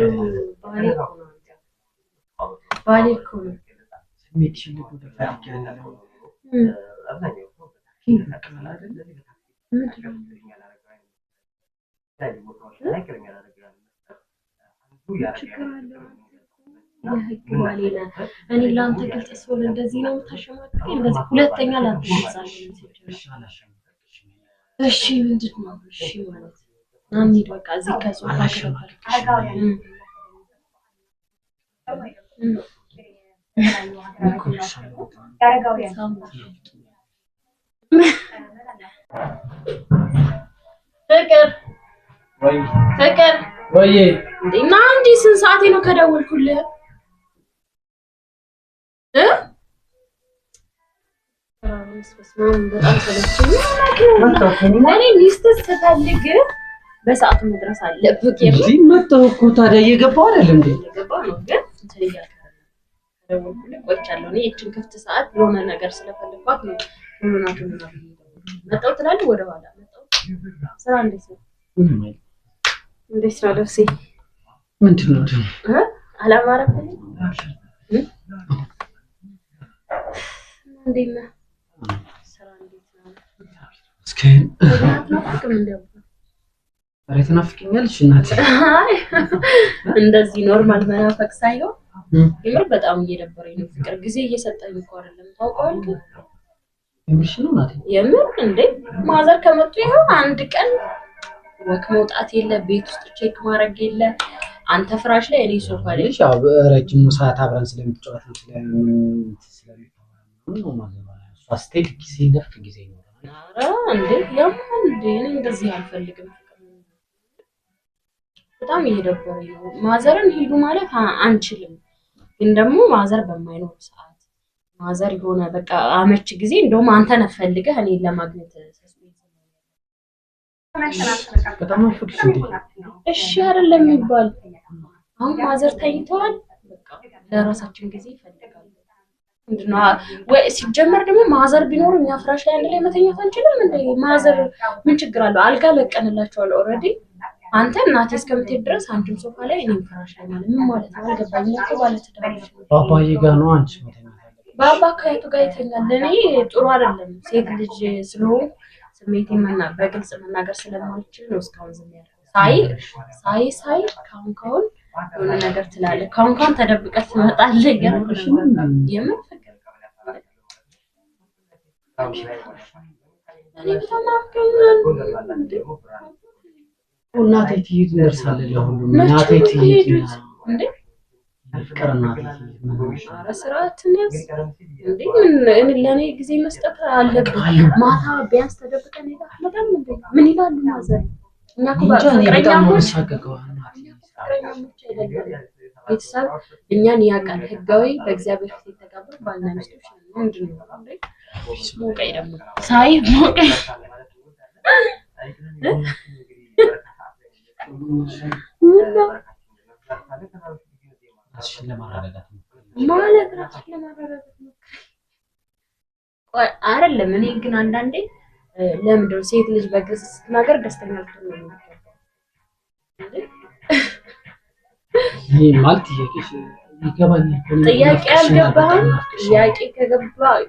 بالي بالي يكون ميكشن اللي بده فيها كان كيف شكرا يهجموا علينا እኔ ለአንተ ግልጽ ሲሆን እንደዚህ ነው የምታሸማቀኝ። እንደዚህ ሁለተኛ ላትሻ እሺ፣ ምንድን ነው እሺ ማለት እንሂድ በቃ እዚህ ከሱ አላሽባል ፍቅር ፍቅር ወይ እና እንዴ ስንት ሰዓቴ ነው ከደወልኩልህ እ በጣም ሰለችኝ እኔ ሚስት ስትፈልግ በሰዓቱ መድረስ አለብህ። እዚህ መጣሁ እኮ ታዲያ እየገባሁ አይደል እንዴ? እየገባሁ ነው ግን ቆይቻለሁ። ይህችን ክፍት ሰዓት የሆነ ነገር ስለፈልኳት ነው መጣሁ ትላለህ። ወደ ኋላ መጣሁ። ስራ እንዴት ነው? እንዴት ነው ደሴ? ምንድን ነው አላማረብህም? እንዴት ነህ? ስራ እንዴት ነው? ኧረ ትናፍቅኛለሽ እናት። አይ እንደዚህ ኖርማል መናፈቅ ሳይሆን የምር በጣም እየደበረኝ ነው። ፍቅር ጊዜ እየሰጠኝ እኮ አይደለም ታውቀዋለህ። የምርሽ ነው እናቴ? የምር እንዴ ማዘር ከመጡ ይኸው አንድ ቀን ወክ መውጣት የለ ቤት ውስጥ ቼክ ማድረግ የለ አንተ ፍራሽ ላይ እኔ ሶፋ ላይ። እሺ አብ ረጅሙ ሰዓት አብረን ስለምትጫወት ነው ስለሚሆን ጊዜ ነፍ ጊዜ ነው። ኧረ እንዴ ለምን እንዴ እንደዚህ አልፈልግም በጣም እየደበረ ነው። ማዘርን ሂዱ ማለት አንችልም፣ ግን ደግሞ ማዘር በማይኖር ሰዓት ማዘር የሆነ በቃ አመች ጊዜ እንደውም አንተን ፈልገህ እኔ ለማግኘት እሺ አይደለም የሚባል አሁን ማዘር ተኝተዋል። ለራሳችን ጊዜ ይፈልጋል። ሲጀመር ደግሞ ማዘር ቢኖሩ እኛ ፍራሽ ላይ አንድ ላይ መተኛት አንችልም ማዘር ምን ችግር አለው? አልጋ ለቀንላቸዋል ኦልሬዲ አንተ እናቴ እስከምትሄድ ድረስ አንድም ሶፋ ላይ እኔ ፍራሽ ምን ማለት ነው? አልገባኝም እኮ ባለትዳሮች ባባዬ ጋር ነው አንቺ ባባ ከየቱ ጋር ይተኛል? ለእኔ ጥሩ አይደለም። ሴት ልጅ ስለሆንኩ ስሜቴን በግልጽ መናገር ስለማልችል ነው እስካሁን ዝም ያለ ሳይ ሳይ ሳይ ካሁን ካሁን የሆነ ነገር ትላለህ። ካሁን ካሁን ተደብቀህ ትመጣለህ። እያልኩሽ የምን ፍቅር እኔ በጣም ናፍቀኛል። እናቴ ትሄድ እንደርሳለን። ለሁሉም እናቴ ትሄድ ፍቅር እናቴ ለእኔ ጊዜ መስጠት አለብን። ማታ ቢያንስ ተደብቀን ምን ይላሉ ማዘር? ቤተሰብ እኛን ያውቃል። ህጋዊ በእግዚአብሔር ፊት የተጋባ ባልና ሚስቶች ምንድን ነው ማለት ራስሽን ለማረጋጋት አይደለም። እኔ ግን አንዳንዴ ለምንድን ሴት ልጅ በግልጽ ስትናገር ደስተኛ ማለት ጥያቄ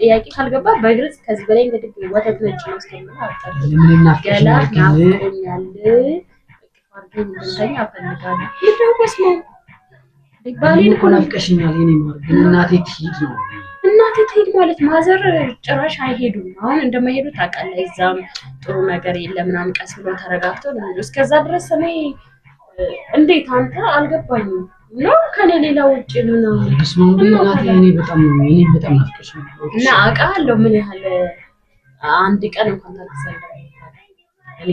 ጥያቄ ካልገባ በግልጽ ከዚህ በላይ እንግዲህ ወተት ነጭ ነው። እናቴ ትሄድ ማለት ማዘር ጭራሽ አይሄዱም። አሁን እንደማይሄዱ ታውቃለህ። እዛም ጥሩ ነገር የለም ምናምን ቀስ ብሎ ተረጋግተው እስከዛ ድረስ እኔ እንዴት አንተ አልገባኝም። ነው ከኔ ሌላ ውጭ ነው ነው እና አውቃለሁ ምን ያህል አንድ ቀን እንኳን ታልተሰለ እኔ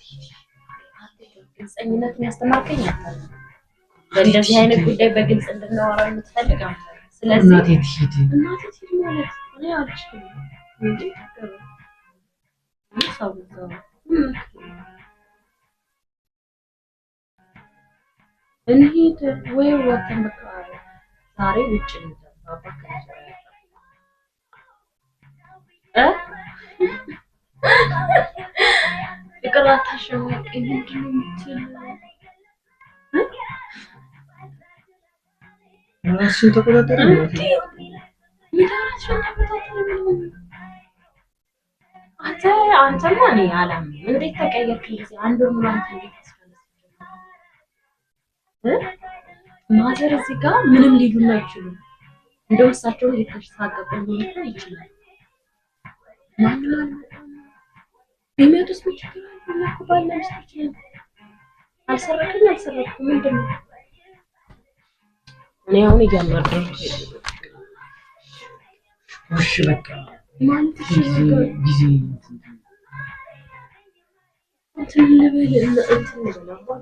ግልፀኝነት የሚያስተማርከኝ አንተ በእንደዚህ አይነት ጉዳይ በግልጽ እንድናወራ የምትፈልግ አንተ ነው። ስለዚህ እናቴ ትሂድ እንሂድ ወይ ወተን በቃ ዛሬ ውጭ እንሂድ አባባ እ ኧረ አታሸማቀኝ። ምንድን ነው የምትለው? እራስሽን ተቆጣጠሪ። አንተ አንተማ እኔ አላምንም። እንዴት ተቀየርክ? እንደዚህ አንድ ወር ምናምን እንዴት ታስፈልግ ማዘር እዚህ ጋር ምንም ሊሉን አይችሉም። እንደውም እሳቸውን ሊተሽ ታቀበ ይችላል ማንም የሚወጡት ብቻ ባለ ሚስቶች ነው። አልሰረቅም አልሰረቅም ምንድን ነው? እኔ አሁን እያናደርኩት ውሽ በቃ ማለት ጊዜ እንትን ልበል እንትን ልበል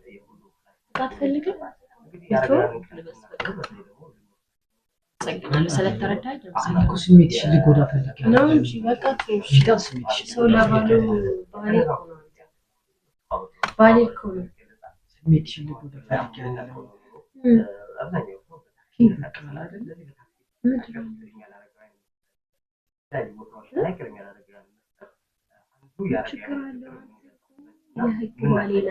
አትፈልግም? ስለተረዳኝ ስሜትሽ ሊጎዳ ፈልጌ ነው እንጂ በቃ ሰው ለባሉ ባሌ እኮ ነው። ስሜትሽ ሊጎዳ ፈልጌ አይደለም። ያህግም አሌነ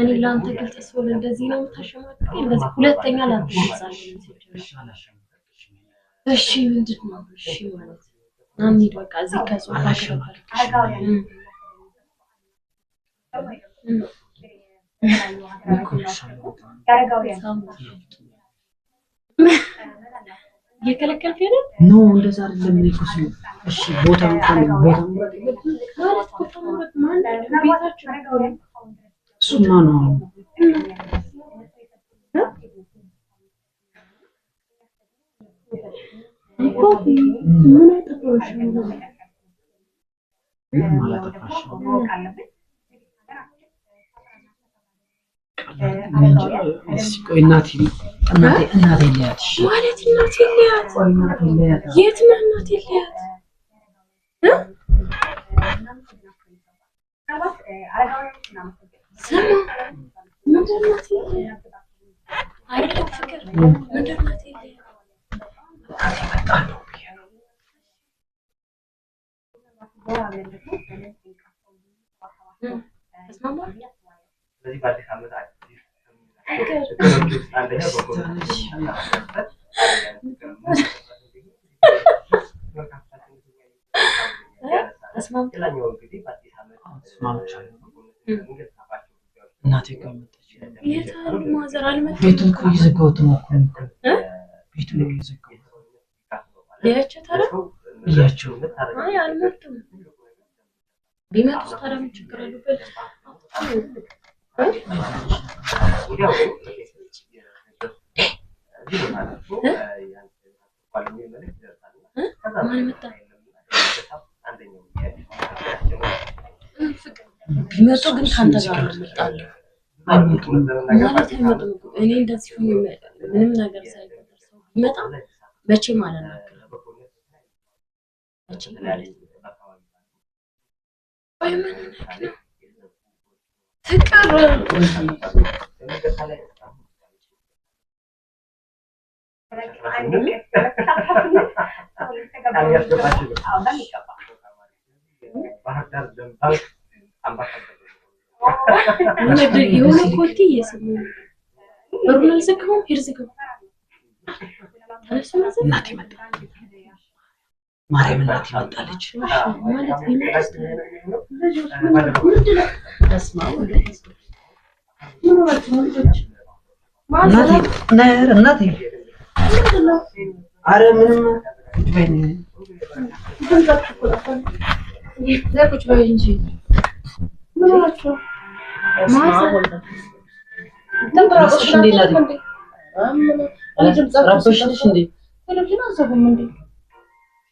እኔ ለአንተ ግልጽ ስሆን እንደዚህ ነው የምታሸማቀቀኝ። እንደዚህ ሁለተኛ ላትሳለ እሺ፣ ምንድን ነው እሺ ማለት አሚድ በቃ እዚህ ከጽ አሸባል ያረጋውያን እየከለከልክ ነው? ኖ እንደዛ አይደለም። እኔ እኮ ስሙ እሺ፣ ቦታ እንኳን ቦታ እሱማ ነው። ቆይ እናቴ النهار النهار اللي هاد الشيء والات النهار اللي هاد والنهار اللي هاد يا تما النهار اللي هاد سما من دار النهار اللي هاد عرفت فكر من دار النهار اللي هاد بس ما بعرف እናቴ ጋር መጣች። ቤቱን እኮ እየዘጋሁት ነው እኮ ቤቱን እየዘጋሁት ልያቸው ታዲያ ልያቸው። አይ አልመጡም። ቢመጡስ ታዲያ ምን ችግር አለበት? ቢመጡ ግን ከአንተ ጋር እመጣለሁ ማለት አይመጡም። እኔ እንደዚህ ምንም ነገር ሳይፈጠር ሰው ቢመጣ መቼም አላናግርም። መቼም ማለት ነው። የሆነ ኮልቲ እየሰሙ በሩን አልዘጋሁም። ሂድ ዝጋው እናቴ መጣ ማርያም እናት ይወጣለች ማለት እናቴ አረ ምንም ረበሽሽ እንዴ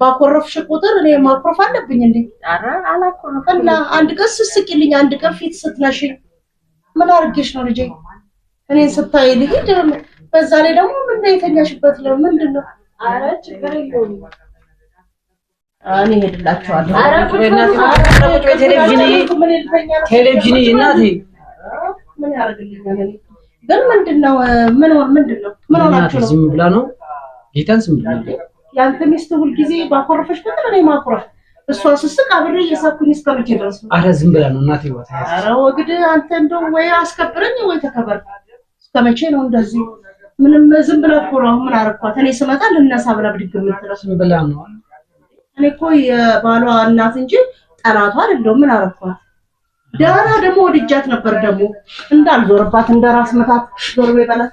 ባኮረፍሽ ቁጥር እኔ ማኩረፍ አለብኝ እንዴ? ኧረ አላኮረፍ እና አንድ ቀን ስስቂልኝ፣ አንድ ቀን ፊት ስትነሽኝ ምን አድርጌሽ ነው ልጄ? እኔን ስታይ ልሂድ። በዛ ላይ ደግሞ ምን ነው የተኛሽበት? ለምንድን ነው? ኧረ ችግር የለውም እኔ እሄድላችኋለሁ። ቴሌቪዥን እናቴ ምን ያደርግልኛል? ግን ምንድን ነው ምን ምንድን ነው ምን ሆናችሁ ነው? ዝም ብላ ነው ጌታን ስም ብላ ነው ያንተ ሚስት ሁልጊዜ ባኮረፈች ቁጥር እኔ ማኩረፍ፣ እሷ ስስቅ አብሬ እየሳኩኝ እስከ መቼ ድረስ አረ ዝም ብላ ነው እናቴ ቦታ። አረ ወግድ አንተ እንደው ወይ አስከብረኝ ወይ ተከበር። እስከ መቼ ነው እንደዚህ? ምንም ዝም ብላ እኮ ነው። ምን አረኳት? እኔ ስመጣ ልነሳ ብላ ብድግ የምትለው ዝም ብላ ነው። እኔ እኮ የባሏ እናት እንጂ ጠላቷ አይደለሁም። ምን አረኳት? ዳራ ደግሞ ወድጃት ነበር ደግሞ እንዳልዞርባት እንደራስ መታት ዞርቤ በላት